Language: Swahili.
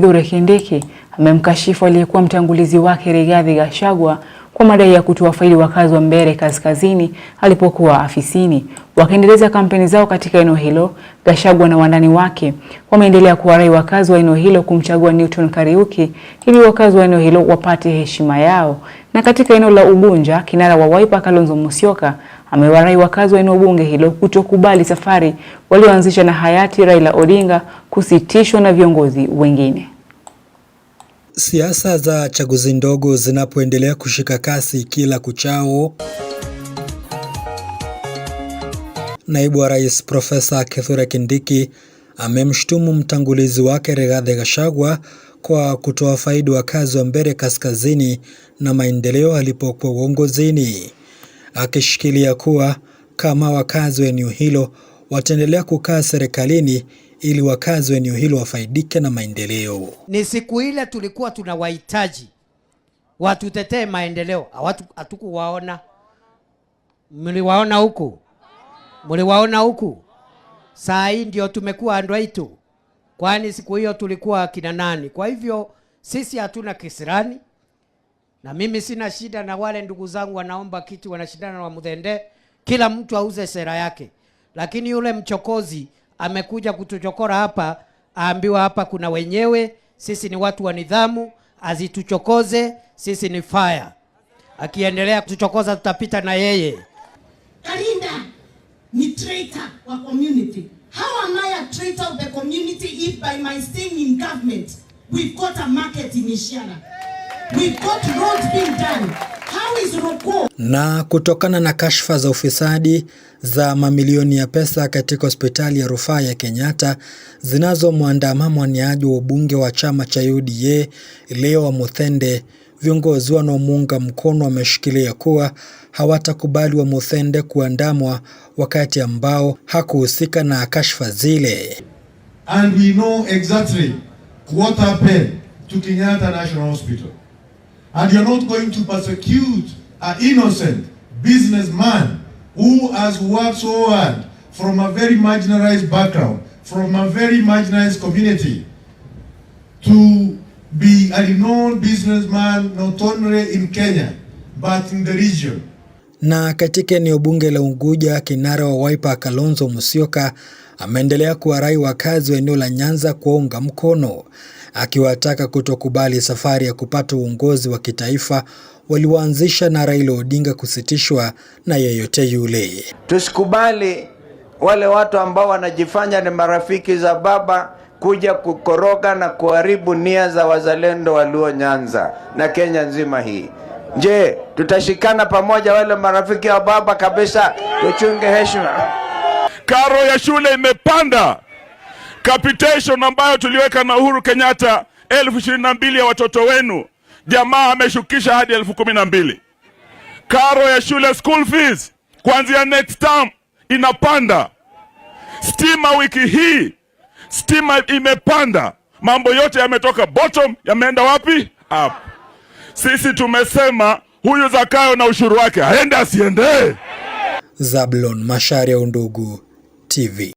Kithure Kindiki amemkashifu aliyekuwa mtangulizi wake Rigathi Gachagua kwa madai ya kutowafaidi wakazi wa Mbeere Kaskazini alipokuwa afisini. Wakiendeleza kampeni zao katika eneo hilo, Gachagua na wandani wake wameendelea kuwarai wakazi wa eneo hilo kumchagua Newton Kariuki ili wakazi wa eneo hilo wapate heshima yao. Na katika eneo la Ugunja, kinara wa Wiper Kalonzo Musyoka amewarai wakazi wa eneo bunge hilo kutokubali safari walioanzisha na hayati Raila Odinga kusitishwa na viongozi wengine. Siasa za chaguzi ndogo zinapoendelea kushika kasi kila kuchao, naibu wa rais Profesa Kithure Kindiki amemshutumu mtangulizi wake Rigathi Gachagua kwa kutoa faidi wakazi wa Mbeere Kaskazini na maendeleo alipokuwa uongozini akishikilia kuwa kama wakazi wa eneo hilo wataendelea kukaa serikalini ili wakazi wa eneo hilo wafaidike na maendeleo. Ni siku ile tulikuwa tunawahitaji watutetee maendeleo, hatukuwaona. Mliwaona huku, mliwaona huku. Saa hii ndio tumekuwa andwaitu, kwani siku hiyo tulikuwa kina nani? Kwa hivyo sisi hatuna kisirani na mimi sina shida na wale ndugu zangu wanaomba kiti wanashindana na Mudhende, kila mtu auze sera yake, lakini yule mchokozi amekuja kutuchokora hapa, aambiwa hapa kuna wenyewe. Sisi ni watu wa nidhamu, azituchokoze sisi ni fire. Akiendelea kutuchokoza tutapita na yeye. Kalinda ni traitor wa community. How am I a traitor of the community if by my staying in government we've got a market in Ishiara. Na kutokana na kashfa za ufisadi za mamilioni ya pesa katika hospitali ya rufaa ya Kenyatta zinazomwandama mwaniaji wa ubunge wa chama cha UDA Leo Muthende, viongozi wanaomuunga mkono wameshikilia kuwa hawatakubali wa Muthende kuandamwa wakati ambao hakuhusika na kashfa zile. And we know exactly what happened to Kenyatta National Hospital. And you're not going to persecute an innocent businessman who has worked so hard from a very marginalized background, from a very marginalized community, to be a renowned businessman not only in Kenya, but in the region. Na katika eneo bunge la Unguja, kinara wa Wiper Kalonzo Musyoka ameendelea kuwarai wakazi wa eneo la Nyanza kuwaunga mkono, akiwataka kutokubali safari ya kupata uongozi wa kitaifa walioanzisha na Raila Odinga kusitishwa na yeyote yule. Tusikubali wale watu ambao wanajifanya ni marafiki za baba kuja kukoroga na kuharibu nia za wazalendo walio Nyanza na Kenya nzima hii. Je, tutashikana pamoja wale marafiki wa baba kabisa, tuchunge heshima. Karo ya shule imepanda. Capitation ambayo tuliweka na Uhuru Kenyatta elfu ishirini na mbili ya watoto wenu, jamaa ameshukisha hadi elfu kumi na mbili. Karo ya shule school fees kuanzia next term inapanda. Stima wiki hii, stima imepanda. Mambo yote yametoka bottom, yameenda wapi? Up. Sisi tumesema huyu Zakayo na ushuru wake aende asiende. Zablon Macharia, Undugu TV.